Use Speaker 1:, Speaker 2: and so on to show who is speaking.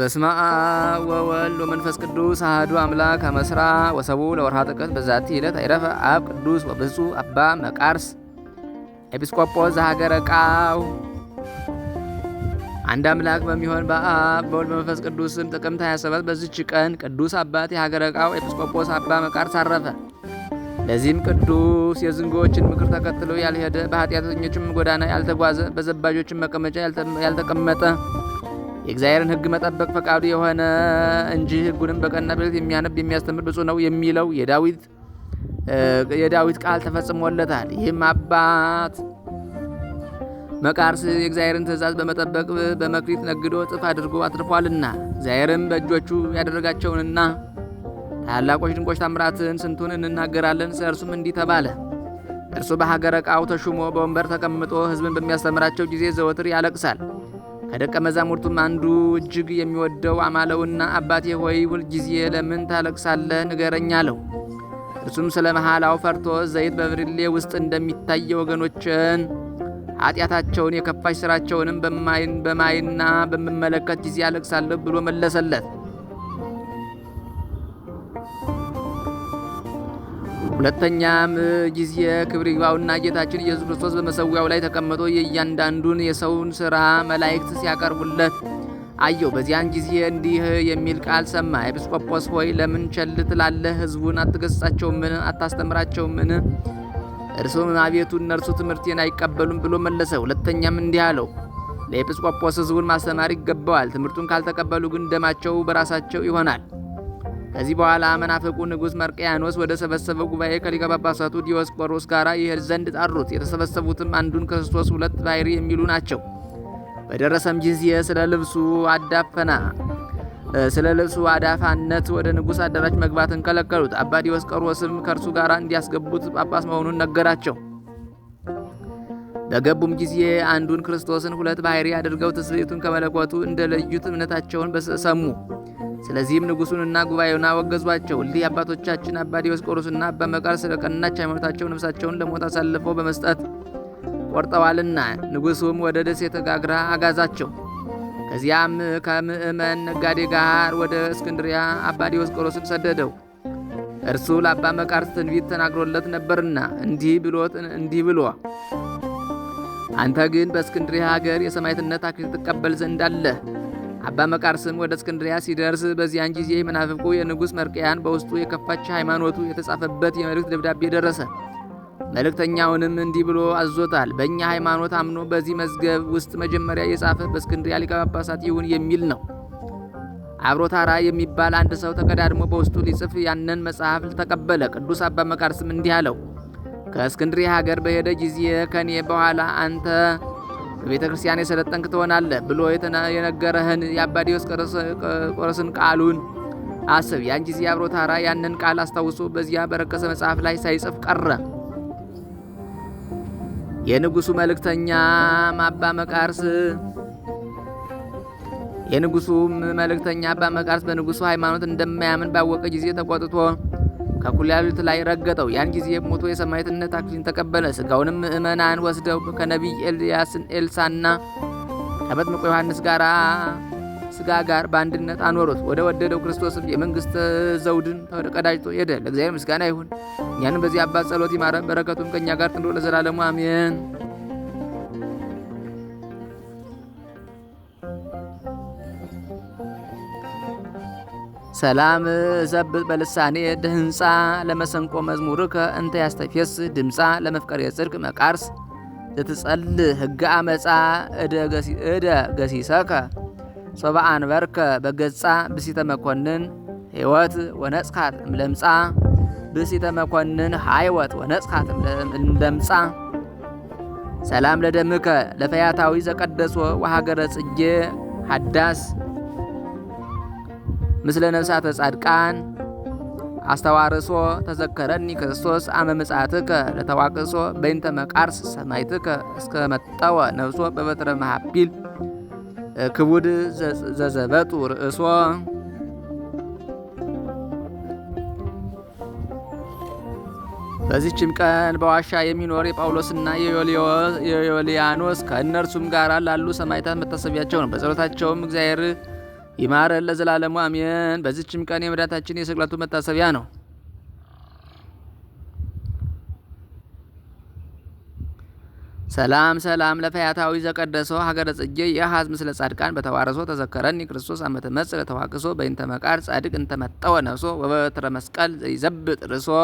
Speaker 1: በስመ አብ ወወልድ ወመንፈስ ቅዱስ አህዱ አምላክ አመስራ ወሰቡ ለወርሃ ጥቅምት በዛቲ ዕለት አይረፈ አብ ቅዱስ ወብፁዕ አባ መቃርስ ኤጲስቆጶስ ዘሀገረ ቃው። አንድ አምላክ በሚሆን በአብ በወልድ በመንፈስ ቅዱስም ጥቅምት 27 በዚች ቀን ቅዱስ አባት የሀገረ ቃው ኤጲስቆጶስ አባ መቃርስ አረፈ። ለዚህም ቅዱስ የዝንጎችን ምክር ተከትሎ ያልሄደ፣ በኃጢአተኞችም ጎዳና ያልተጓዘ፣ በዘባዦችን መቀመጫ ያልተቀመጠ የእግዚአብሔርን ሕግ መጠበቅ ፈቃዱ የሆነ እንጂ ሕጉንም በቀና በሌሊት የሚያነብ የሚያስተምር ብፁ ነው የሚለው የዳዊት የዳዊት ቃል ተፈጽሞለታል። ይህም አባት መቃርስ የእግዚአብሔርን ትእዛዝ በመጠበቅ በመክሊት ነግዶ እጥፍ አድርጎ አትርፏልና እግዚአብሔርም በእጆቹ ያደረጋቸውንና ታላቆች ድንቆች ታምራትን ስንቱን እንናገራለን። ስለ እርሱም እንዲህ ተባለ። እርሱ በሀገረ ቃው ተሹሞ በወንበር ተቀምጦ ህዝብን በሚያስተምራቸው ጊዜ ዘወትር ያለቅሳል። ከደቀ መዛሙርቱም አንዱ እጅግ የሚወደው አማለውና አባቴ ሆይ ሁልጊዜ ለምን ታለቅሳለህ? ንገረኝ አለው። እርሱም ስለ መሐላው ፈርቶ ዘይት በብርሌ ውስጥ እንደሚታየ ወገኖችን ኃጢአታቸውን የከፋች ስራቸውንም በማይና በምመለከት ጊዜ አለቅሳለሁ ብሎ መለሰለት። ሁለተኛም ጊዜ ክብር ይግባውና ጌታችን ኢየሱስ ክርስቶስ በመሰዊያው ላይ ተቀምጦ የእያንዳንዱን የሰውን ስራ መላእክት ሲያቀርቡለት አየው። በዚያን ጊዜ እንዲህ የሚል ቃል ሰማ። ኤጲስቆጶስ ሆይ ለምን ቸል ትላለህ? ሕዝቡን አትገሥጻቸውምን? አታስተምራቸውምን? እርሱም አቤቱ እነርሱ ትምህርቴን አይቀበሉም ብሎ መለሰ። ሁለተኛም እንዲህ አለው ለኤጲስቆጶስ ህዝቡን ማስተማር ይገባዋል። ትምህርቱን ካልተቀበሉ ግን ደማቸው በራሳቸው ይሆናል። ከዚህ በኋላ መናፍቁ ንጉሥ መርቅያኖስ ወደ ሰበሰበው ጉባኤ ከሊቀ ጳጳሳቱ ዲዮስቆሮስ ጋር ይሄድ ዘንድ ጣሩት። የተሰበሰቡትም አንዱን ክርስቶስ ሁለት ባይሪ የሚሉ ናቸው። በደረሰም ጊዜ ስለ ልብሱ አዳፈና ስለ ልብሱ አዳፋነት ወደ ንጉሥ አዳራሽ መግባትን ከለከሉት። አባ ዲዮስቆሮስም ከእርሱ ጋር እንዲያስገቡት ጳጳስ መሆኑን ነገራቸው። በገቡም ጊዜ አንዱን ክርስቶስን ሁለት ባህሪ አድርገው ትስብእቱን ከመለኮቱ እንደለዩት እምነታቸውን ሰሙ። ስለዚህም ንጉሱንና ጉባኤውን አወገዟቸው። እሊህ አባቶቻችን አባ ዲዮስቆሮስና አባ መቃር ስለ ቀናች ሃይማኖታቸው ነፍሳቸውን ለሞት አሳልፈው በመስጠት ቆርጠዋልና ንጉሱም ወደ ደስ የተጋግራ አጋዛቸው። ከዚያም ከምእመን ነጋዴ ጋር ወደ እስክንድሪያ አባ ዲዮስቆሮስን ሰደደው። እርሱ ለአባ መቃርስ ትንቢት ተናግሮለት ነበርና እንዲህ ብሎት እንዲህ ብሎ አንተ ግን በእስክንድሪያ ሀገር የሰማዕትነት አክሊል ትቀበል ዘንድ አለህ አባ መቃርስም ወደ እስክንድሪያ ሲደርስ በዚያን ጊዜ መናፍቁ የንጉሥ መርቅያን በውስጡ የከፋች ሃይማኖቱ የተጻፈበት የመልእክት ደብዳቤ ደረሰ። መልእክተኛውንም እንዲህ ብሎ አዞታል። በእኛ ሃይማኖት አምኖ በዚህ መዝገብ ውስጥ መጀመሪያ የጻፈ በእስክንድሪያ ሊቀ ጳጳሳት ይሁን የሚል ነው። አብሮታራ የሚባል አንድ ሰው ተቀዳድሞ በውስጡ ሊጽፍ ያንን መጽሐፍ ተቀበለ። ቅዱስ አባ መቃርስም እንዲህ አለው ከእስክንድሪያ ሀገር በሄደ ጊዜ ከኔ በኋላ አንተ በቤተ ክርስቲያን የሰለጠንክ ትሆናለህ ብሎ የነገረህን የአባ ዲዮስቆሮስን ቃሉን አስብ። ያን ጊዜ ታራ ያንን ቃል አስታውሶ በዚያ በረከሰ መጽሐፍ ላይ ሳይጽፍ ቀረ። የንጉሱ መልእክተኛም አባ መቃርስ የንጉሱም መልእክተኛ አባ መቃርስ በንጉሱ ሃይማኖት እንደማያምን ባወቀ ጊዜ ተቆጥቶ ከኩላሊት ላይ ረገጠው። ያን ጊዜ ሞቶ የሰማዕትነት አክሊን ተቀበለ። ስጋውንም ምእመናን ወስደው ከነቢይ ኤልያስን ኤልሳና ከመጥምቁ ዮሐንስ ጋር ስጋ ጋር በአንድነት አኖሩት። ወደ ወደደው ክርስቶስም የመንግሥት ዘውድን ተቀዳጅቶ ሄደ። ለእግዚአብሔር ምስጋና ይሁን፣ እኛንም በዚህ አባት ጸሎት ይማረ በረከቱም ከእኛ ጋር ትኑር ለዘላለሙ አሜን። ሰላም ዘብጥ በልሳኔ ድህንፃ ለመሰንቆ መዝሙርከ እንተ ያስተፌስ ድምፃ ለመፍቀር የጽድቅ መቃርስ ዘትጸል ህገ አመፃ እደ ገሲሰከ ሶበ አንበርከ በገጻ ብሲተ መኮንን ህይወት ወነጽካት እምለምጻ ብሲተ መኮንን ሃይወት ወነጽካት እምለምጻ ሰላም ለደምከ ለፈያታዊ ዘቀደሶ ወሃገረ ጽጌ ሀዳስ ምስለ ነፍሳተ ጻድቃን አስተዋርሶ ተዘከረኒ ክርስቶስ አመ ምጽአትከ ለተዋቅሶ በይንተ መቃርስ ሰማይትከ እስከ መጠወ ነፍሶ በበትረ መሃቢል ክቡድ ዘዘበጡ ርእሶ በዚችም ቀን በዋሻ የሚኖር የጳውሎስና የዮልያኖስ ከእነርሱም ጋር ላሉ ሰማዕታት መታሰቢያቸው ነው። በጸሎታቸውም እግዚአብሔር ይማረን ለዘላለሙ አሜን። በዚችም ቀን የመዳታችን የስቅለቱ መታሰቢያ ነው። ሰላም ሰላም ለፈያታዊ ዘቀደሰው ሀገረ ጽጌ የሀዝ ምስለ ጻድቃን በተዋረሶ ተዘከረኒ ክርስቶስ አመተ መጽእ ለተዋቅሶ በይንተ መቃር ጻድቅ እንተመጠወ ነፍሶ ወበትረ መስቀል ዘይዘብጥ ርሶ